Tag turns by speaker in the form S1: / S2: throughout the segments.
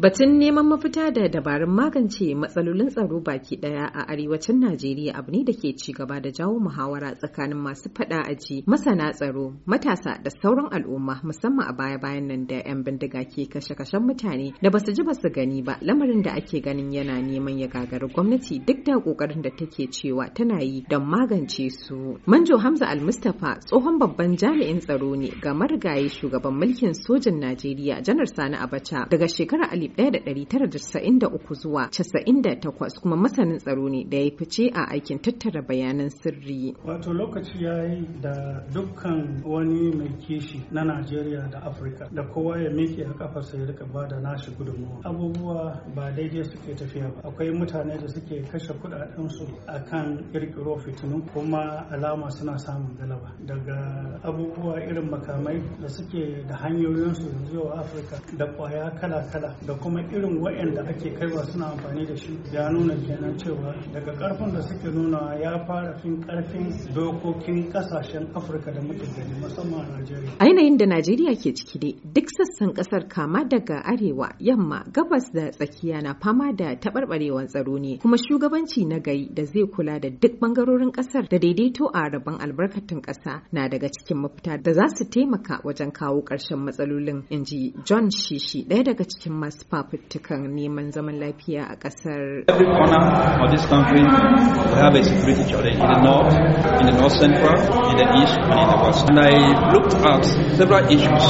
S1: Batun neman mafita da dabarun magance matsalolin tsaro baki daya a arewacin Najeriya abu ne da ke ci gaba da jawo muhawara tsakanin masu fada ji masana tsaro, matasa da sauran al'umma musamman a baya-bayan nan da 'yan bindiga ke kashe-kashen mutane da basu ji basu gani ba lamarin da ake ganin yana neman ya gagari gwamnati duk da kokarin da take cewa tana yi don magance su. Manjo Hamza Al-Mustapha tsohon babban jami'in tsaro ne ga marigayi shugaban mulkin sojin Najeriya Janar Sani Abacha daga shekarar 1993 zuwa 98 kuma masanin tsaro ne da ya fice a aikin tattara bayanan sirri.
S2: Wato lokaci ya yi da dukkan wani mai kishi na Najeriya da Afirka da kowa ya miƙe a kafarsa ya rika ba da nashi gudunmuwa. Abubuwa ba daidai suke tafiya ba. Akwai mutane da suke kashe kuɗaɗensu a kan ƙirƙiro fitinin, kuma alama suna samun galaba. Daga abubuwa irin makamai da suke da hanyoyinsu yanzu yau Afirka da ƙwaya kala-kala da kuma irin waɗanda ake kaiwa suna amfani da shi ya nuna kenan cewa daga karfin da suke nuna ya fara fin karfin dokokin kasashen afirka da muke gani musamman a
S1: najeriya a yanayin da najeriya ke ciki dai duk sassan kasar kama daga arewa yamma gabas da tsakiya na fama da taɓarɓarewar tsaro ne kuma shugabanci na gari da zai kula da duk bangarorin ƙasar da daidaito a rabon albarkatun ƙasa na daga cikin mafita da za su taimaka wajen kawo ƙarshen matsalolin in ji john shishi ɗaya daga cikin masu fafutukan neman zaman lafiya a kasar. Every corner
S2: of this country we have
S1: a security challenge in the north, in the north central, in the east and in the west. And I looked at several issues.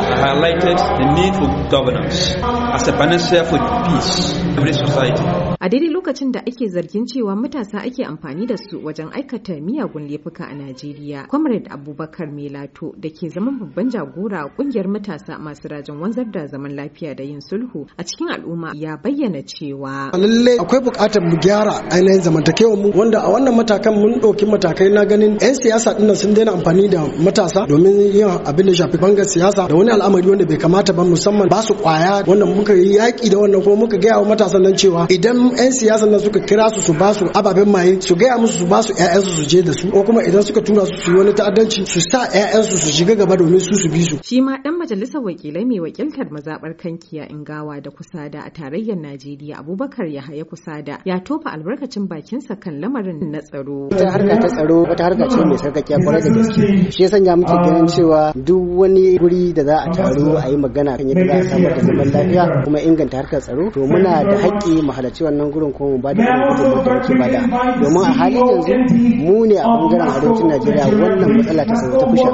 S1: I highlighted the need for governance as a panacea for peace in every society. a daidai lokacin da ake zargin cewa matasa ake amfani da su wajen aikata miyagun laifuka a Najeriya. Comrade Abubakar Melato da ke zaman babban jagora kungiyar matasa masu rajin wanzar da zaman lafiya da yin sulhu a cikin al'umma ya bayyana cewa
S3: lalle akwai buƙatar mu gyara ainihin zamantakewar mu wanda a wannan matakan mun ɗauki matakai na ganin 'yan siyasa ɗin sun daina amfani da matasa domin yin abin da shafi bangar siyasa da wani al'amari wanda bai kamata ba musamman ba su kwaya wannan muka yi yaƙi da wannan kuma muka gaya wa matasan nan cewa idan 'yan siyasa na suka kira su su ba su ababen maye su gaya musu su ba su 'ya'yansu su je da su ko kuma idan suka tura su su yi wani ta'addanci su sa 'ya'yansu su shiga gaba domin su su bi su.
S1: shi ma dan majalisar wakilai mai wakiltar mazabar kankiya ingawa da kusada a tarayyar najeriya abubakar yahaya kusada ya tofa albarkacin bakinsa kan lamarin na tsaro. ita harka ta tsaro wata harka ce mai
S3: sarkakiya kwarai da gaske shi ya sanya muke ganin cewa duk wani guri da za a taru a yi magana kan yadda za a samar da zaman lafiya kuma inganta harkar tsaro to muna da haƙƙi mu halarci wannan gurin kuma mu ba gudunmawar da ba da domin a halin yanzu mu ne a bangaren arewacin najeriya wannan matsala ta sauka kusha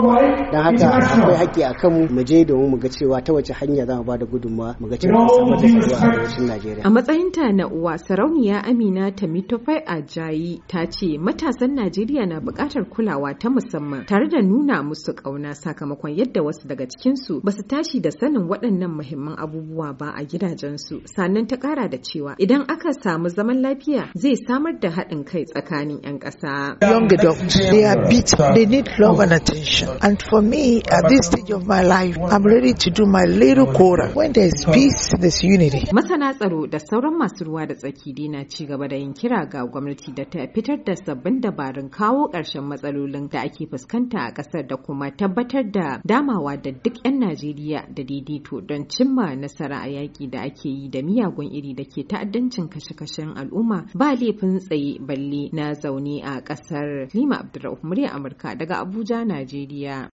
S3: da haka akwai haƙƙi a kanmu mu je domin mu ga cewa ta wace hanya za mu da gudunmawa mu ga cewa mu da tsaro a arewacin najeriya. a
S1: matsayinta na uwa sarauniya amina tamitofai ajayi ta ce matasan najeriya na buƙatar kulawa ta musamman tare da nuna musu ƙauna sakamakon yadda wasu daga cikinsu su basu tashi da sanin waɗannan muhimman abubuwa ba a gidajensu sannan ta ƙara da cewa idan aka samu zaman lafiya zai samar da haɗin kai tsakanin 'yan ƙasa. Young adults, they are beat, they
S3: need love and attention. And for me,
S1: at this stage of
S3: my life, I'm ready to do my little quota. When is peace, there's unity.
S1: Masana tsaro da sauran masu ruwa da tsaki dai na ci gaba da yin kira ga gwamnati da ta fitar da sabbin dabarun kawo ƙarshen matsalolin da ake fuskanta a ƙasar da kuma tabbatar da damawa da duk 'yan Najeriya da daidaito don cimma nasara a yaƙi da ake yi da miyagun iri da ke ta'addancin kashe kashe-kashen al'umma ba laifin tsaye balle na zaune a ƙasar. Lima Abdulrahman murya Amurka daga Abuja, Najeriya.